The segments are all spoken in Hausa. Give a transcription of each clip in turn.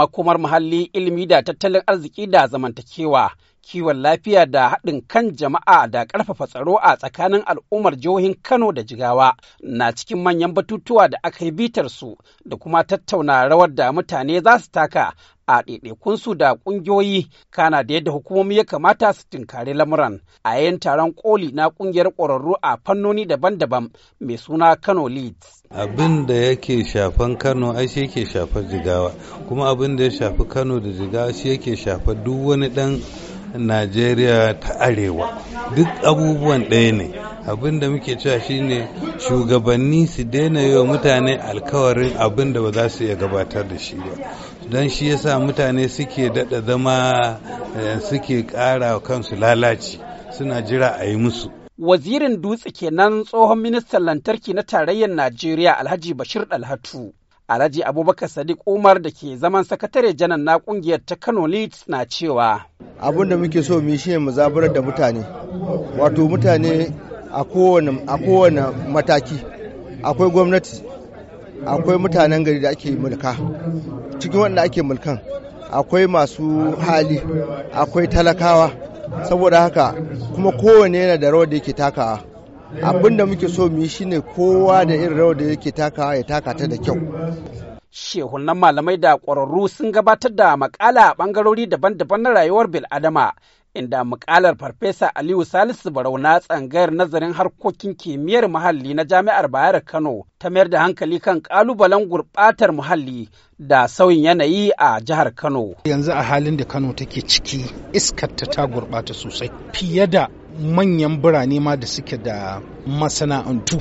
makomar muhalli ilimi da tattalin arziki da zamantakewa kiwon lafiya da haɗin kan jama'a da ƙarfafa tsaro a tsakanin al'ummar jihohin Kano da Jigawa na cikin manyan batutuwa da aka yi bitar su da kuma tattauna rawar da mutane za su taka a ɗaiɗaikunsu da ƙungiyoyi kana da yadda hukumomi ya kamata su tunkari lamuran a yayin taron koli na ƙungiyar ƙwararru a fannoni daban-daban mai suna kano leeds abin da yake shafan kano ai shi yake shafar jigawa kuma abin da ya shafi kano da jigawa shi yake shafar duk wani dan. najeriya ta arewa duk abubuwan ɗaya ne abin da muke cewa shine shugabanni su daina yi wa mutane alkawarin abin da ba za su iya gabatar da shi ba don shi yasa mutane suke daɗa zama eh, suke ƙara kansu lalaci suna jira a yi musu wazirin dutse kenan tsohon ministan lantarki na tarayyar najeriya alhaji bashir dalhatu Alhaji Abubakar Sadiq Umar da ke zaman sakatare janar na kungiyar ta Kano Leeds na cewa. Abin da muke so mu shi mu zaburar da mutane. Wato mutane a kowane mataki. Akwai gwamnati, akwai mutanen gari da ake mulka. Cikin wanda ake mulkan akwai masu hali, akwai talakawa. Saboda haka kuma kowane yana da rawar da yake takawa. abin da muke so mu yi shine kowa da irin rawar da yake takawa ya taka ta da kyau shehunan malamai da ƙwararru sun gabatar da makala a ɓangarori daban-daban na rayuwar bil'adama inda mukalar farfesa aliyu salisu Barauna tsangayar nazarin harkokin kimiyyar muhalli na jami'ar bayar kano ta mayar da hankali kan kalubalen gurbatar muhalli da sauyin yanayi a jihar kano yanzu a halin da kano take ciki iskar ta gurbata sosai fiye da manyan birane ma da suke da masana'antu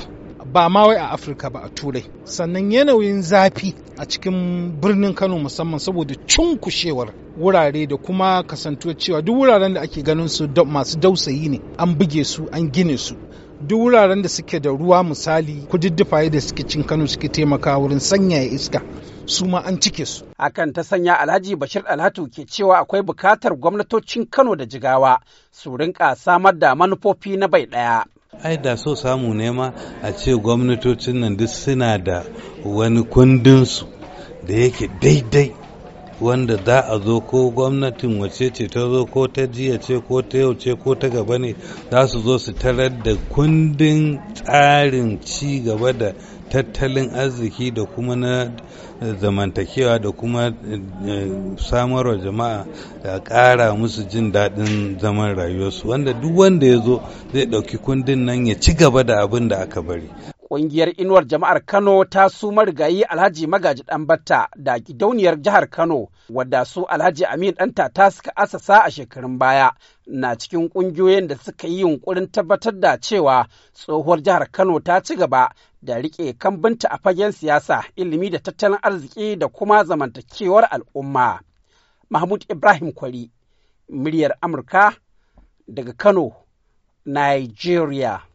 ba ma wai a afirka ba a turai sannan yanayin zafi a cikin birnin kano musamman saboda cunkushewar wurare da kuma kasantuwar cewa duk wuraren da ake ganin su masu dausayi ne an buge su an gine su duk wuraren da suke da ruwa misali kududdufaye da suke cin kano suke taimaka wurin sanyaya iska su ma an cike su. Hakan ta sanya Alhaji Bashir Alhatu ke cewa akwai bukatar gwamnatocin Kano da Jigawa su rinka samar da manufofi na bai ɗaya. ai da so samu nema a ce gwamnatocin nan duk suna da wani kundinsu da yake daidai wanda za a zo ko gwamnatin wace ce ta zo ko ta jiya ce ko ta yau ce ko ta gaba ne za su zo su tarar da kundin tsarin ci gaba da tattalin arziki da kuma na eh, zamantakewa da kuma eh, eh, samarwa jama'a da ƙara musu jin daɗin zaman rayuwarsu wanda duk wanda ya zo zai ɗauki kundin nan ya ci gaba da abin da aka bari Ƙungiyar inuwar jama'ar Kano ta su marigayi Alhaji Magaji Ɗanbatta da gidauniyar jihar Kano wadda su Alhaji Amin Ɗanta ta suka asasa a shekarun baya na cikin ƙungiyoyin da suka yi yunƙurin tabbatar da cewa tsohuwar jihar Kano ta ci gaba da riƙe kambinta a fagen siyasa, ilimi da tattalin arziki da kuma zamantakewar al'umma. Mahmud Ibrahim Kwari, muryar Amurka daga Kano, Nigeria.